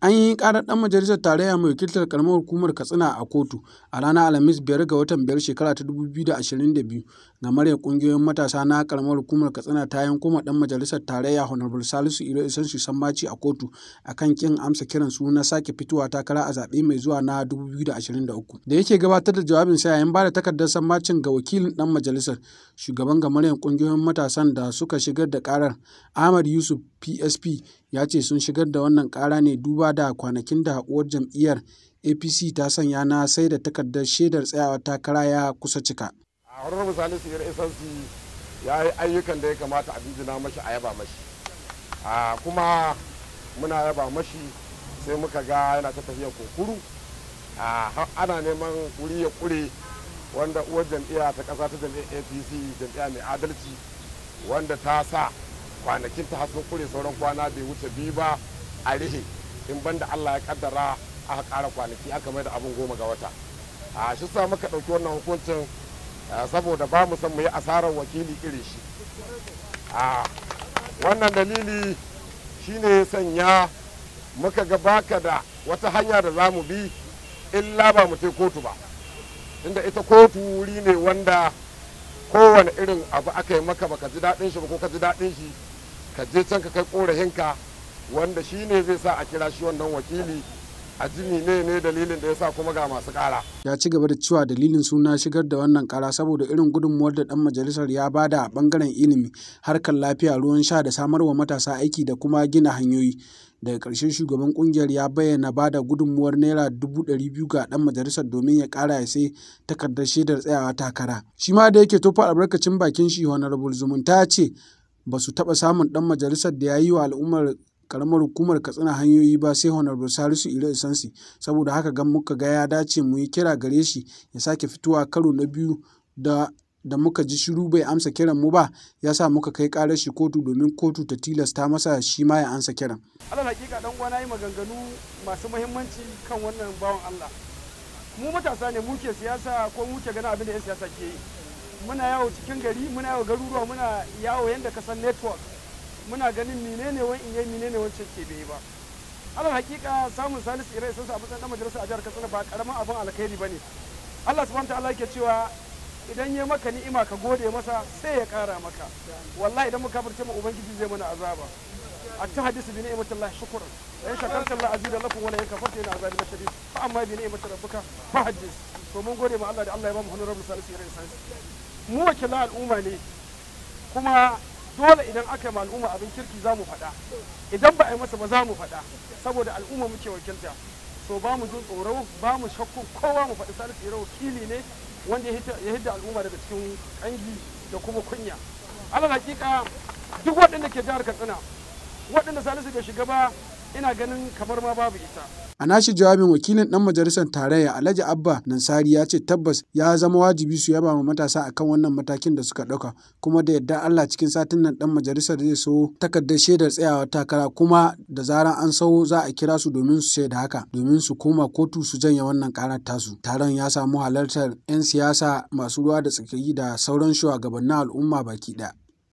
An yi karar ɗan majalisar tarayya mai wakiltar karamar hukumar Katsina a kotu a ranar Alhamis biyar ga watan 5 shekara ta 2022. Gamaryar ƙungiyoyin matasa na karamar hukumar Katsina ta yanko ma ɗan majalisar tarayya Honorable Salisu Iro su Sammaci a kotu a kan amsa kiran su na sake fitowa takara a zaɓe mai zuwa na 2023. Da yake gabatar da jawabin sa yayin ba da takardar samacin ga wakilin ɗan majalisar, shugaban ga gamaryar kungiyoyin matasan da suka shigar da karar Ahmad Yusuf PSP ya ce sun shigar da wannan kara ne duba da kwanakin da haɗuwar jam'iyyar APC ta sanya na sai da takardar shaidar tsayawa takara ya kusa cika. A misali su Yar Esansi ya yi ayyukan da ya kamata a jijina mashi a yaba mashi. A kuma muna yaba mashi sai muka ga yana ta tafiya kokuru. ana neman wuri ya kure wanda uwar jam'iyya ta ƙasa ta jam'iyyar APC jam'iyya mai adalci wanda ta sa kwanakin ta hasun kure sauran kwana bai wuce biyu ba a rihe in banda allah ya kaddara aka kara kwanaki aka mai da abin goma ga wata a shi sa muka ɗauki wannan hukuncin saboda ba mu san mu yi asarar wakili irin shi a wannan dalili shine sanya muka ga baka da wata hanya da za mu bi illa ba mu ce kotu ba inda ita kotu wuri ne wanda kowane irin abu aka yi maka baka ji daɗin shi ba ko ka ji daɗin shi ka je can ka kai korahinka wanda shi ne zai sa a kira shi wannan wakili a jini ne ne dalilin da ya sa kuma ga masu kara. Ya ci gaba da cewa dalilin suna shigar da wannan kara saboda irin gudunmuwar da dan majalisar ya bada a bangaren ilimi, harkar lafiya, ruwan sha da samarwa matasa aiki da kuma gina hanyoyi. Daga karshen shugaban kungiyar ya bayyana ba da gudunmuwar naira dubu ɗari biyu ga ɗan majalisar domin ya ƙara ya sai takardar shaidar tsayawa takara. Shi ma da yake tofa albarkacin bakin shi Honorable Zumunta ce ba su taɓa samun ɗan majalisar da ya yi wa al'ummar karamar hukumar katsina hanyoyi ba sai honorable salisu ire isansi saboda haka gan muka ga ya dace mu yi kira gare shi ya sake fitowa karo na biyu da da muka ji shiru bai amsa kiran mu ba ya sa muka kai karar shi kotu domin kotu ta tilasta masa shi ma ya amsa kiran. alal hakika dan uwa yi maganganu masu muhimmanci kan wannan bawan Allah mu matasa ne muke siyasa ko muke ganin abin da 'yan siyasa ke yi muna yawo cikin gari muna yawo garuruwa muna yawo yadda ka san network muna ganin ne wani inye mine ne wancan ke bai ba alal hakika samun salisu irai sun a matsayin majalisar a jihar katsina ba karamin abin alkhairi ba ne allah su subhanahu allah ke cewa idan ya maka ni'ima ka gode masa sai ya kara maka wallahi idan muka furce mu ubangiji zai mana azaba da التحدث بنعمة الله yana azabi شكرت الله amma bi ولا إن كفرت hadis to mun gode ma allah da allah ya ba mu الله يبامه Salisu irai رئيس mu wakilan al'umma ne kuma dole idan aka yi al'umma abin kirki za mu faɗa idan ba a yi masa ba za mu faɗa saboda al'umma muke wakilta so ba mu jin tsoro ba mu shakku kowa mu faɗi salisu yaro wakili ne wanda ya hidda al'umma daga cikin ƙangi da kuma kunya alal hakika duk waɗanda ke jihar katsina waɗanda salisu bai shiga ba ina ganin kamar ma babu ita a nashi jawabin wakilin dan majalisar tarayya alhaji abba nansari ya ce tabbas ya zama wajibi su yaba ma matasa akan wannan matakin da suka dauka kuma da yadda allah cikin satin nan dan majalisar zai so takardar shaidar tsayawa takara kuma da zaran an sau za a kira su domin su shaida haka domin su koma kotu su janye wannan karar tasu taron ya samu halartar 'yan siyasa masu ruwa da tsaki da sauran shugabannin al'umma baki ɗaya.